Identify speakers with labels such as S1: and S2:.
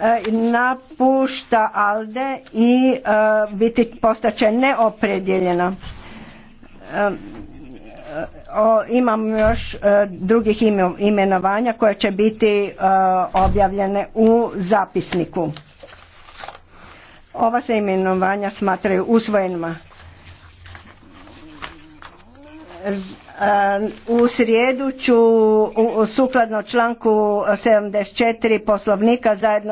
S1: E, napušta Alde i e, biti postaće neopredjeljena. E, imam još drugih imenovanja koje će biti objavljene u zapisniku. Ova se imenovanja smatraju usvojenima. U srijedu ću sukladno članku 74 poslovnika
S2: zajedno